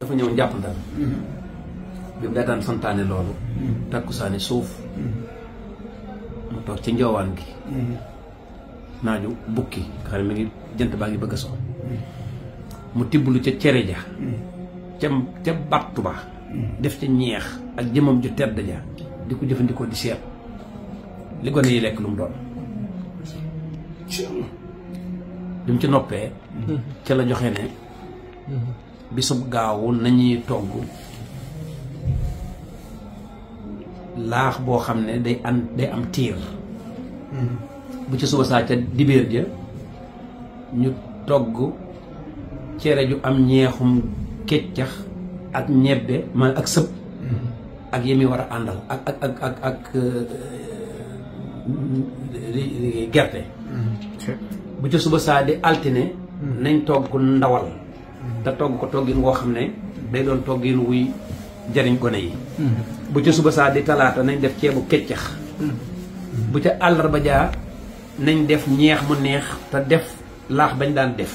dafa ñëw njàpp ndal mm-hmm. bi mu daan santaane loolu mm-hmm. takkusaani suuf mm-hmm. mu toog ci njoowaan gi naaju bukki nga xam ngi jant baa ngi bëgg a so mu tibblu ca cere ja ca ca battu ba def ca ñeex ak jëmam ju tedd ja di ko jëfandikoo di seet li gone yi lekk lu mu doon bi mu ci noppee ca la joxe ne bisub gaawu nañuy togg laax boo xam ne day am day am tiir mm-hmm. bu ci suba saa ca dibéer ja ñu togg cere ju am ñeexum geccax ak ñebbe man ak sëb mm-hmm. ak yemi war a àndal ak ak ak ak ak euh, gerte mm-hmm. bu ci suba saa di altine nañ togg ndawal te togg ko toggin woo xam ne day doon toggin wuy jariñ gone yi bu ca suba saa di talaata nañ def ceebu keccax bu ca àllarba jaa nañ def ñeex mu neex te def laax bañ daan def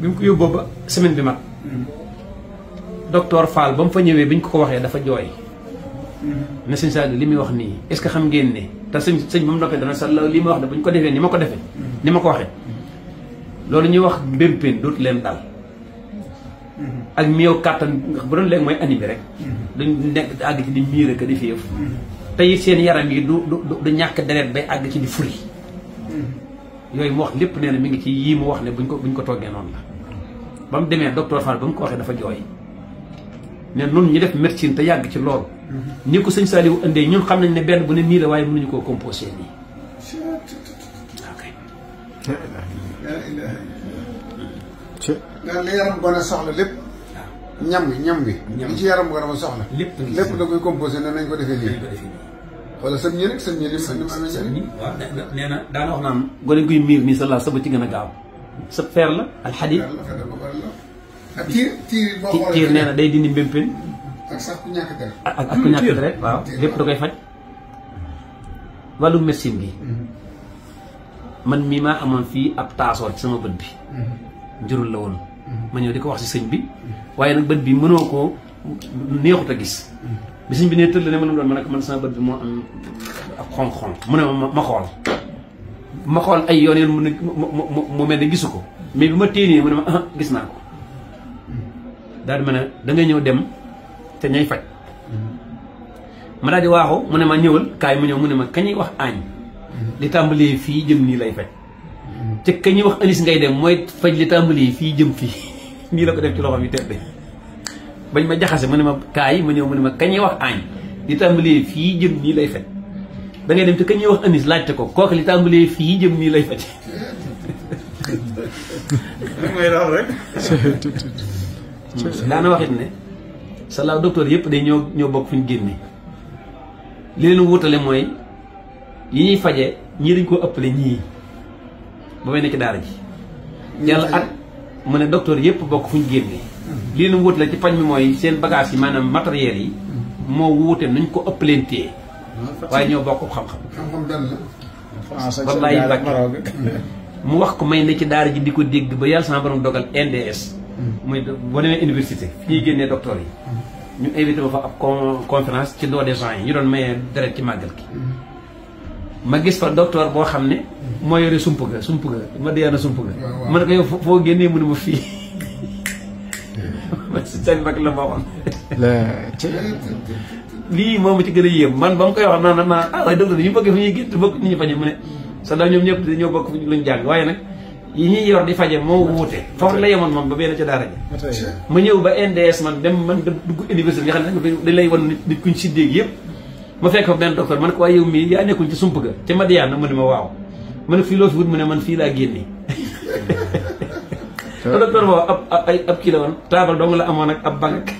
bi mu ko yóbboo ba semaine bi mag docteur Fall ba mu fa ñëwee bi ñu ko waxee dafa jooy ne sëñ Sadio li muy wax nii est ce que xam ngeen te sëñ sëñ ba mu noppee dana sa li ma wax ne bu ñu ko defee ni ma ko defee ni ma ko waxee loolu ñuy wax mbémpéen dootu leen dal ak miiw kàttan nga bu doon léegi mooy animé rek. dañ nekk àgg ci di miir ak di féef. te it seen yaram yi du du ñàkk deret bay àgg ci di furi yooyu mu wax lépp nee na mi ngi ci yii mu wax ne buñ ko buñ ko toggee noonu la. ba mu demee docteur Fall ba mu ko waxee dafa jooy ne noonu ñu def médecine te yàgg ci lool ni ko sëñ Saliou indee ñun xam nañ ne benn bu ne nii la waaye mënuñu koo composé nii. nga soxla lépp ñam ñam wi li ci soxla lépp da koy composé ne nañ ko defee nii wala sëm ñi rek sëm ñi li mu amee njëriñ waaw nee na daana wax gone guy miir nii sa la sa ba ci gën a gaaw sa fer la alxadid tiir tiir tiir day dindi mbémpén ak sax ku ñàkk deret ak waaw lépp da koy faj wàllu médecine bi mm-hmm. man mii maa amoon fii ab taasoo ci sama bët bi mm-hmm. njurul la woon mm-hmm. ma ñëw di ko wax ci sëñ bi waaye nag bët bi mënoo koo neexut a gis mm-hmm. bi sëñ bi ne tëll ne mënum doon ma ne ko man sama bët bi moo am xonq-xonq mu ne ma ma xool ma xool ay yoon yoon mu ne mu mel ne gisu ko mais bi ma téenee mu ne ma ah gis naa ko mm-hmm. daal di ma ne da ñëw dem te ñay faj ma daal di waaxu mu ne ma ñëwal kaay mu ñëw mu ne ma kañuy wax aañ li tàmbalee fii jëm nii lay faj jëkk ñuy wax alis ngay dem mooy faj li tàmbali fii jëm fii nii la ko def ci loxo bi tedd bañ ma jaxase mu ne ma kaay ne ma mu ne ma kañuy wax añ li tàmbalee fii jëm nii lay faj da ngay dem te kañuy wax anis laajte ko kooku li tàmbalee fii jëm nii lay faj. mooy raw rek. daana wax it ne salaaw docteur yëpp day ñoo ñoo bokk fu ñu génne li leen wutale mooy yi ñuy faje ñii dañ koo ëppale ñii. ba may nekk daara ji yàlla ak mu ne docteur yëpp bokk fu ñu génne lii nu wut la ci pañ mi mooy seen bagage yi maanaam matériel yi moo wuute nuñ ko ëpp ëppalantee waaye ñoo bokk xam-xam wallaay bàkke mu wax ko may ne ci daara ji di ko dégg ba yàlla sama borom dogal NDS muy boo demee université fi ñuy génnee docteur yi ñu invité ma fa ab conférence ci doo des gens yi ñu doon mayee deret ci màggal gi ma gis fa docteur boo xam ne moo yore sump ga sump ga ma dee na sump ga ma ne ko yow foo génnee mu ne ma fii ma si seen mag ma ci gën a yéem man ba mu koy wax naa naa ah waaye docteur ñu bëgg fu ñuy gént bokk ni ñu faje mu ne sa daal ñoom ñëpp dañoo bokk luñ jàng waaye nag yi ñuy yor di faje moo wuute foofu la yemoon moom ba benn ca daara ji ma ñëw ba NDS man dem man dugg université nga xam ne dañ lay wan nit kuñ siddéeg yëpp ma fekk fa benn docteur man ko waaye yow mii yaa nekkul ci sump ga ca Madiana mu ne ma waaw ma ne fii loo fi wut mu ne man fii laa génne te docteur boobu ab ab ab kii la woon taabal dong la amoon ak ab bank.